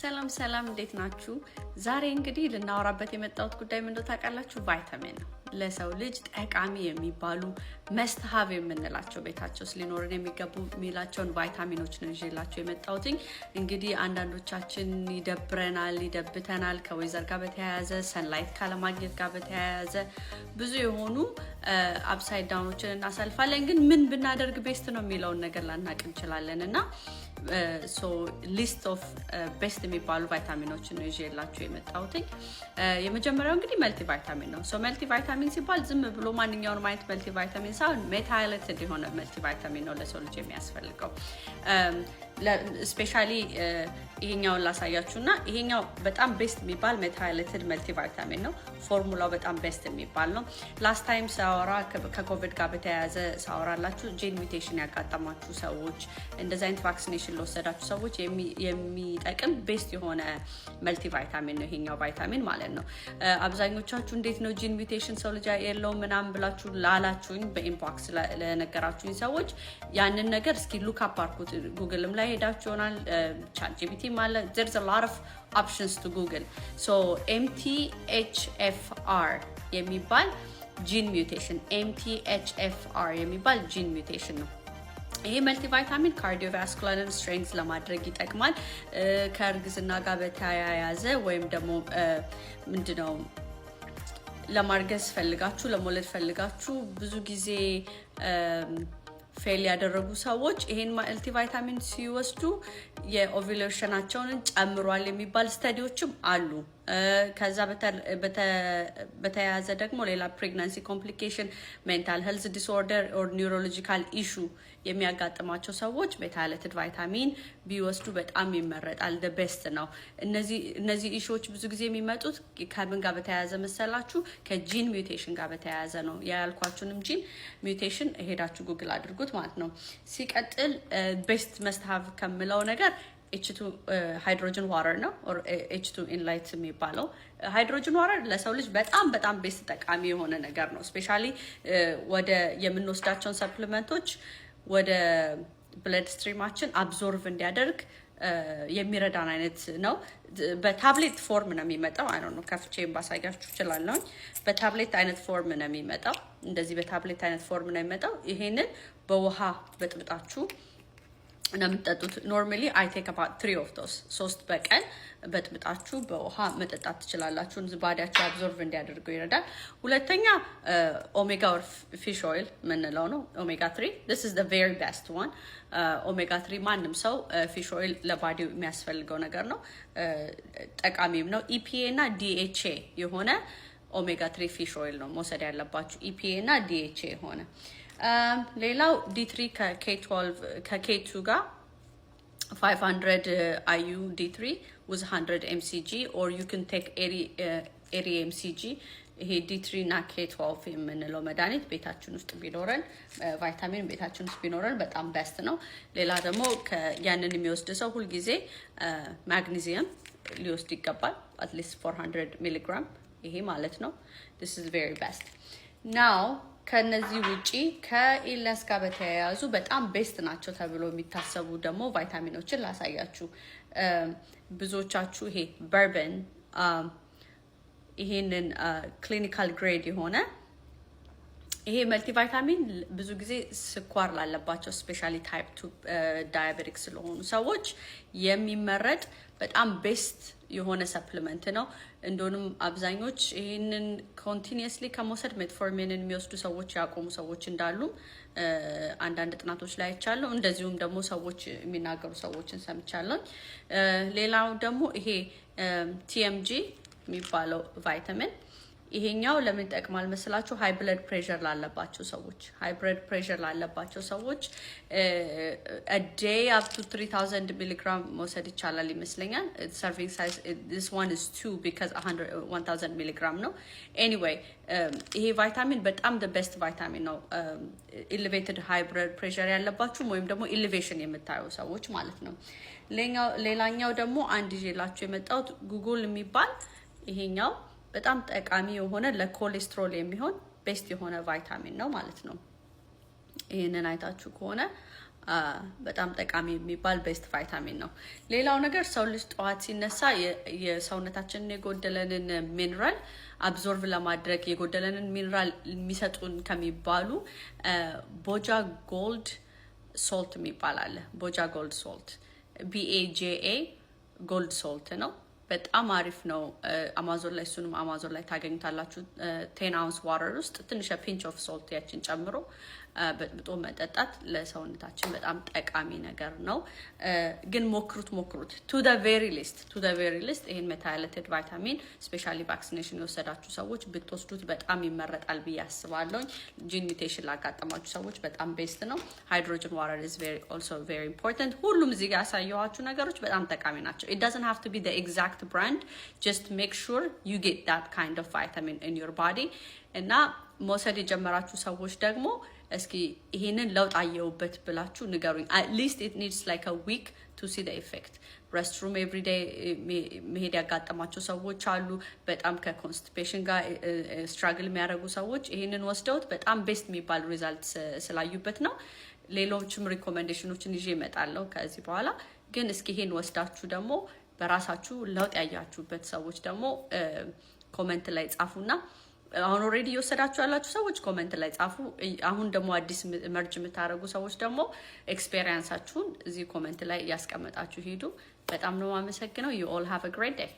ሰላም ሰላም፣ እንዴት ናችሁ? ዛሬ እንግዲህ ልናወራበት የመጣሁት ጉዳይ ምንድን ታውቃላችሁ? ቫይታሚን ነው። ለሰው ልጅ ጠቃሚ የሚባሉ መስትሀብ የምንላቸው ቤታቸው ውስጥ ሊኖርን የሚገቡ የሚላቸውን ቫይታሚኖች ነው ይዤላቸው የመጣሁትኝ። እንግዲህ አንዳንዶቻችን ይደብረናል፣ ይደብተናል ከወይዘር ጋር በተያያዘ ሰንላይት ካለማግኘት ጋር በተያያዘ ብዙ የሆኑ አፕሳይድ ዳውኖችን እናሳልፋለን። ግን ምን ብናደርግ ቤስት ነው የሚለውን ነገር ላናቅ እንችላለን እና ሊስት ኦፍ ቤስት የሚባሉ ቫይታሚኖችን ነው ይዤላቸው የመጣሁትኝ። የመጀመሪያው እንግዲህ መልቲ ቫይታሚን ነው። መልቲ ቫይታሚን ቫይታሚን ሲባል ዝም ብሎ ማንኛውንም አይነት መልቲ ቫይታሚን ሳይሆን ሜታይለትድ የሆነ መልቲ ቫይታሚን ነው ለሰው ልጅ የሚያስፈልገው። ስፔሻሊ ይሄኛውን ላሳያችሁ እና ይሄኛው በጣም ቤስት የሚባል ሜታይለትድ መልቲ ቫይታሚን ነው። ፎርሙላው በጣም ቤስት የሚባል ነው። ላስት ታይም ሳወራ ከኮቪድ ጋር በተያያዘ ሳወራላችሁ ጄን ሚቴሽን ያጋጠማችሁ ሰዎች፣ እንደዚ አይነት ቫክሲኔሽን ለወሰዳችሁ ሰዎች የሚጠቅም ቤስት የሆነ መልቲ ቫይታሚን ነው ይሄኛው ቫይታሚን ማለት ነው። አብዛኞቻችሁ እንዴት ነው ጂን ሚቴሽን ሰው ልጅ የለውም ምናምን ብላችሁ ላላችሁኝ፣ በኢምፖክስ ለነገራችሁኝ ሰዎች ያንን ነገር እስኪ ሉክ አፓርኩት ጉግልም ላይ ሄዳችሁ ይሆናል። ቻት ጂፒቲ አለ። ዘርዝ ሎት ኦፍ ኦፕሽንስ ቱ ጉግል። ሶ ኤምቲኤችኤፍአር የሚባል ጂን ሚውቴሽን ኤምቲኤችኤፍአር የሚባል ጂን ሚውቴሽን ነው። ይሄ መልቲቫይታሚን ካርዲዮቫስኩላርን ስትሬንግዝ ለማድረግ ይጠቅማል። ከእርግዝና ጋር በተያያዘ ወይም ደግሞ ምንድነው ለማርገዝ ፈልጋችሁ ለመውለድ ፈልጋችሁ ብዙ ጊዜ ፌል ያደረጉ ሰዎች ይሄን ማልቲ ቫይታሚን ሲወስዱ የኦቪሌሽናቸውን ጨምሯል የሚባል ስተዲዎችም አሉ። ከዛ በተያያዘ ደግሞ ሌላ ፕሬግናንሲ ኮምፕሊኬሽን፣ ሜንታል ሄልዝ ዲስኦርደር ኦር ኒውሮሎጂካል ኢሹ የሚያጋጥማቸው ሰዎች ቤታለትድ ቫይታሚን ቢወስዱ በጣም ይመረጣል። ቤስት ነው። እነዚህ ኢሹዎች ብዙ ጊዜ የሚመጡት ከምን ጋር በተያያዘ መሰላችሁ? ከጂን ሚውቴሽን ጋር በተያያዘ ነው። ያልኳችሁንም ጂን ሚውቴሽን ሄዳችሁ ጉግል አድርጉት ማለት ነው። ሲቀጥል ቤስት መስትሀብ ከምለው ነገር ኤችቱ ሃይድሮጅን ዋረር ነው ኤችቱ ኢንላይት uh, የሚባለው ሃይድሮጅን uh, ዋረር ለሰው ልጅ በጣም በጣም ቤስ ጠቃሚ የሆነ ነገር ነው። ስፔሻሊ uh, ወደ የምንወስዳቸውን ሰፕሊመንቶች ወደ ብለድ ስትሪማችን አብዞርቭ እንዲያደርግ የሚረዳን አይነት ነው። በታብሌት ፎርም ነው የሚመጣው። አይ ነው ከፍቼ ባሳያችሁ እችላለሁኝ። በታብሌት አይነት ፎርም ነው የሚመጣው። እንደዚህ በታብሌት አይነት ፎርም ነው የሚመጣው። ይሄንን በውሃ በጥብጣችሁ ነው የምትጠጡት። ኖርማሊ አይ ቴክ አባት ትሪ ኦፍ ዶስ ሶስት በቀን በጥብጣችሁ በውሃ መጠጣት ትችላላችሁ። ባዲያችሁ አብዞርቭ እንዲያደርገው ይረዳል። ሁለተኛ ኦሜጋ ኦር ፊሽ ኦይል የምንለው ነው። ኦሜጋ ትሪ ስ ስ ቬሪ ቤስት ዋን። ኦሜጋ ትሪ ማንም ሰው ፊሽ uh, ኦይል ለባዲው የሚያስፈልገው ነገር ነው፣ uh, ጠቃሚም ነው። ኢፒኤ e እና ዲኤችኤ የሆነ ኦሜጋ ትሪ ፊሽ ኦይል ነው መውሰድ ያለባችሁ፣ ኢፒኤ e እና ዲኤችኤ የሆነ Um, ሌላው ዲትሪ ከኬቱ ጋር 500 አዩ ዲትሪ ውዝ 100 ኤምሲጂ ኦር ዩ ክን ቴክ ኤሪ ኤምሲጂ ይሄ ዲትሪ እና ኬትዋልፍ የምንለው መድኃኒት ቤታችን ውስጥ ቢኖረን uh, ቫይታሚን ቤታችን ውስጥ ቢኖረን በጣም በስት ነው። ሌላ ደግሞ ያንን የሚወስድ ሰው ሁልጊዜ ማግኒዚየም uh, ሊወስድ ይገባል። አትሊስት 400 ሚሊግራም ይሄ ማለት ነው። ዲስ ኢዝ ቬሪ ቤስት ናው ከነዚህ ውጪ ከኢለስ ጋር በተያያዙ በጣም ቤስት ናቸው ተብሎ የሚታሰቡ ደግሞ ቫይታሚኖችን ላሳያችሁ። ብዙዎቻችሁ ይሄ በርበን ይሄንን ክሊኒካል ግሬድ የሆነ ይሄ መልቲቫይታሚን ብዙ ጊዜ ስኳር ላለባቸው ስፔሻሊ ታይፕ ቱ ዳያቤቲክ ስለሆኑ ሰዎች የሚመረጥ በጣም ቤስት የሆነ ሰፕልመንት ነው። እንደሆንም አብዛኞች ይህንን ኮንቲኒየስሊ ከመውሰድ ሜትፎርሚንን የሚወስዱ ሰዎች ያቆሙ ሰዎች እንዳሉም አንዳንድ ጥናቶች ላይ አይቻለሁ። እንደዚሁም ደግሞ ሰዎች የሚናገሩ ሰዎችን ሰምቻለሁ። ሌላው ደግሞ ይሄ ቲኤምጂ የሚባለው ቫይታሚን ይሄኛው ለምን ጠቅማል መስላችሁ? ሃይ ብለድ ፕሬሸር ላለባቸው ሰዎች ሃይ ብለድ ፕሬሸር ላለባቸው ሰዎች ዴይ አፕ ቱ 3000 ሚሊግራም መውሰድ ይቻላል ይመስለኛል። ሰርቪንግ ሳይዝ ዚስ ዋን ኢዝ 2 ቢካዝ 1000 ሚሊግራም ነው። ኤኒዌይ ይሄ ቫይታሚን በጣም ዘ ቤስት ቫይታሚን ነው። ኢሌቬትድ ሃይ ብለድ ፕሬሸር ያለባችሁ ወይም ደግሞ ኢሌቬሽን የምታዩ ሰዎች ማለት ነው። ሌላኛው ደግሞ አንድ ይዤላችሁ የመጣሁት ጉጉል የሚባል ይሄኛው በጣም ጠቃሚ የሆነ ለኮሌስትሮል የሚሆን ቤስት የሆነ ቫይታሚን ነው ማለት ነው። ይህንን አይታችሁ ከሆነ በጣም ጠቃሚ የሚባል ቤስት ቫይታሚን ነው። ሌላው ነገር ሰው ልጅ ጠዋት ሲነሳ የሰውነታችንን የጎደለንን ሚኒራል አብዞርቭ ለማድረግ የጎደለንን ሚኒራል የሚሰጡን ከሚባሉ ቦጃ ጎልድ ሶልት የሚባል አለ። ቦጃ ጎልድ ሶልት ቢኤጄኤ ጎልድ ሶልት ነው። በጣም አሪፍ ነው። አማዞን ላይ እሱንም አማዞን ላይ ታገኙታላችሁ። ቴን አውንስ ዋተር ውስጥ ትንሽ ፒንች ኦፍ ሶልት ያችን ጨምሮ በጥብጦ መጠጣት ለሰውነታችን በጣም ጠቃሚ ነገር ነው። ግን ሞክሩት ሞክሩት ቱ ደ ቬሪ ሊስት ቱ ደ ቬሪ ሊስት ይህን ሜታይለትድ ቫይታሚን ስፔሻሊ ቫክሲኔሽን የወሰዳችሁ ሰዎች ብትወስዱት በጣም ይመረጣል ብዬ አስባለሁ። ጂን ሚውቴሽን ላጋጠማችሁ ሰዎች በጣም ቤስት ነው። ሃይድሮጅን ዋተር ኢዝ ቬሪ ኦልሶ ቬሪ ኢምፖርታንት። ሁሉም እዚህ ጋር ያሳየኋችሁ ነገሮች በጣም ጠቃሚ ናቸው። ኢት ዳዝንት ሃቭ ቱ ቢ ኤግዛክት ብራንድ ጀስት ሜክ ሹር ዩ ጌት ዳት ካይንድ ኦፍ ቫይታሚን ኢን ዩር ባዲ እና መውሰድ የጀመራችሁ ሰዎች ደግሞ እስኪ ይሄንን ለውጥ አየውበት ብላችሁ ንገሩኝ። አትሊስት ኢት ኒድስ ላይክ ዊክ ቱ ሲ ደ ኢፌክት። ረስትሩም ኤቭሪዴይ መሄድ ያጋጠማቸው ሰዎች አሉ። በጣም ከኮንስቲፔሽን ጋር eh, eh, ስትራግል የሚያደርጉ ሰዎች ይሄንን ወስደውት በጣም ቤስት የሚባል ሪዛልት ስላዩበት ነው። ሌሎችም ሪኮመንዴሽኖችን ይዤ እመጣለሁ ከዚህ በኋላ ግን እስኪ ይሄን ወስዳችሁ ደግሞ በራሳችሁ ለውጥ ያያችሁበት ሰዎች ደግሞ eh, ኮመንት ላይ ጻፉና አሁን ኦልሬዲ እየወሰዳችሁ ያላችሁ ሰዎች ኮመንት ላይ ጻፉ። አሁን ደግሞ አዲስ መርጅ የምታደርጉ ሰዎች ደግሞ ኤክስፔሪንሳችሁን እዚህ ኮመንት ላይ እያስቀመጣችሁ ሂዱ። በጣም ነው የማመሰግነው። ዩ ኦል ሃቭ አ ግሬት ዴይ